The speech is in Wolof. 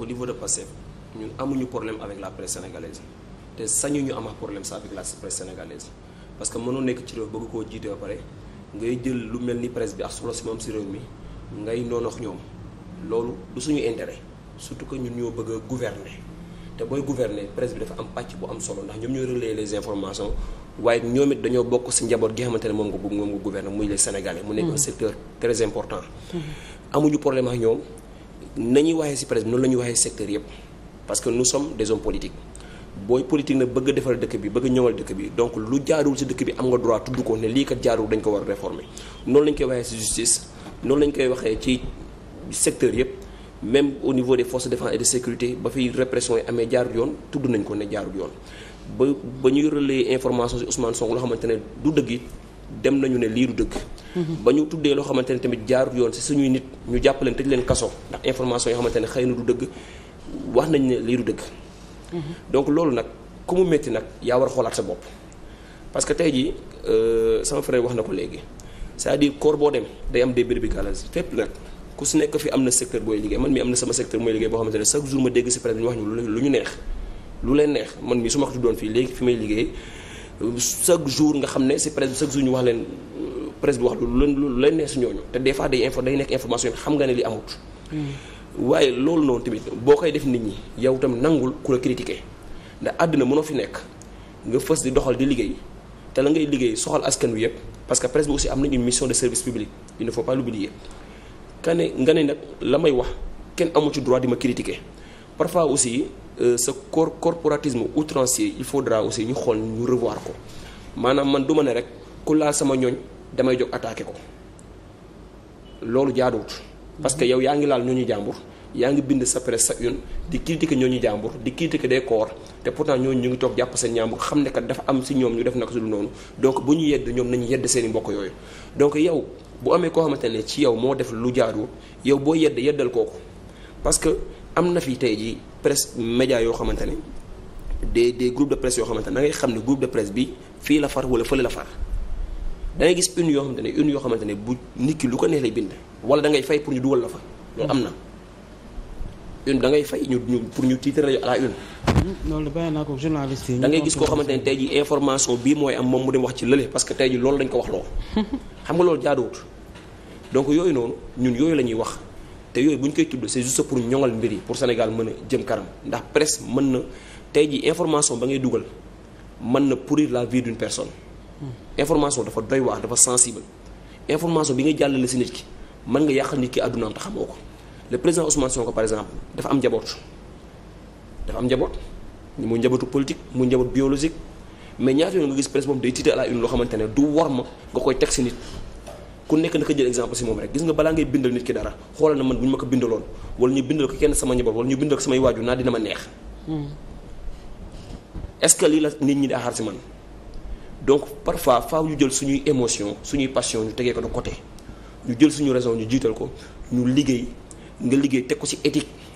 au niveau de Pastef ñun amuñu problème avec la presse sénégalaise te sañu ñu am problème sax avec la presse sénégalaise parce que mënoo nekk ci réew bëgg koo jiite ba pare ngay jël lu mel ni presse bi ak solo si moom si réew mi ngay noonox ñoom loolu du suñu intérêt surtout que ñun ñoo bëgg a te booy gouverner presse bi dafa am pàcc bu am solo ndax ñoom ñoo relayer les informations waaye ñoom it dañoo bokk si njaboot gi xamante ne moom nga moom nga gouverner muy les sénégalais. mu nekk important. Mm-hmm. nañuy waxee ci presse bi noonu la ñuy waxee secteur yëpp parce que nous sommes des hommes politiques booy politique na bëgg defar dëkk bi bëgg ñoŋal dëkk bi donc lu jaarul ci dëkk bi am nga droit tudd ko ne lii kat jaarul dañ ko war a réformer noonu la koy waxee ci justice noonu la ñu koy waxee ci secteur yëpp même au niveau des forces de défense et de sécurité ba fi répression yi amee jaarul yoon tudd nañ ko ne jaarul yoon ba ba ñuy relayer information ci Ousmane Sonko loo xamante ne du dëgg it dem nañu ne lii dëgg ba ñu tuddee loo xamante ne tamit jaarut yoon si suñuy nit ñu jàpp leen tëj leen kaso ndax information yoo xamante ne xëy na du dëgg wax nañ ne lii du dëgg mhm. donc loolu nag ku mu métti nag yaa war a xoolaat sa bopp parce que tey jii euh, sama frère wax na ko léegi cest à corps boo dem day am des bérébicalages fépp nag ku si nekk fi am na secteur booy liggéey man mi am na sama secteur mooy liggéey boo xamante chaque jour ma dégg si presse bi ñu wax ñu lu ñu neex lu leen neex man mi su fii léegi fi may liggéey chaque jour nga xam ne si presse bi wax lu lu lay nees ñooñu te des fois day info day nekk information yi xam nga ne li amut. Hmm. waaye loolu noonu tamit boo koy def nit ñi yow tam nangul ku critiquer ndax àddina mënoo fi nekk nga fës di doxal di liggéey te la ngay liggéey soxal askan wi yëpp parce que presse bi aussi am nañu une mission de service public il ne ka ne nga ne nag la may wax kenn amu ci droit di ma critiquer parfois aussi sa euh, cor corporatisme outrancier il faudra aussi ñu xool ñu revoir ko maanaam man du ma ne rek ku laal sama ñooñ. damay jox attaqué ko loolu jaaduwut parce que yow yaa ngi laal ñooñu jàmbur yaa ngi bind sa presse sa une di critiquer ñooñu jàmbur di critiquer des koor te pourtant ñooñu ñu ngi toog jàpp seen jàmbur xam ne kat dafa am si ñoom ñu def naka su dul noonu donc bu ñu yedd ñoom nañu yedd seen i mbokk yooyu donc yow bu amee koo xamante ne ci yow moo def lu jaaduwut yow boo yedd yeddal kooku parce que am na fi tey jii presse média yoo xamante ne des des groupes de presse yoo xamante ne da ngay ne groupe de presse bi fii la far wala fële la far da gis une yoo xamante ne une yoo xamante ne bu nit ki lu ko neex lay bind wala da ngay fay pour ñu dugal la fa loolu am na une da ngay fay ñu pour ñu titre à la une loolu bàyyi naa ko journaliste ngay gis koo xamante ne tey ji information bii mooy am moom mu dem wax ci lële parce que tey ji loolu loolu jaaduwut donc yooyu noonu ñun yooyu la ñuy wax te yooyu bu ñu koy tudd c'est juste pour ñoŋal mbir yi pour Sénégal mën a jëm kanam ndax presse mën na tey ji information ba ngay dugal mën na pourrir la vie d'une personne information dafa doy waar dafa sensible information bi nga jàllale si nit ki mën nga yàq nit ki àddunaam te xamoo ko le président Ousmane Sonko par exemple dafa am njaboot dafa am njaboot mu njabootu politique mu njaboot biologique mais ñaata yoon nga gis presse boobu day tiital à la une loo xamante ne du war ma nga koy teg si nit ku nekk na ko jël exemple si moom rek gis nga balaa ngay bindal nit ki dara xoolal na man bu ñu ma ko bindaloon wala ñu bindal kenn sama njaboot wala ñu bindal ko samay waajur naa hmm. est-ce que lii nit ñi di man donc parfois faaw ñu jël suñuy émotion suñuy passion ñu tegee ko de côté ñu jël suñu raison ñu jiital ko ñu liggéey nga liggéey teg ko ci éthique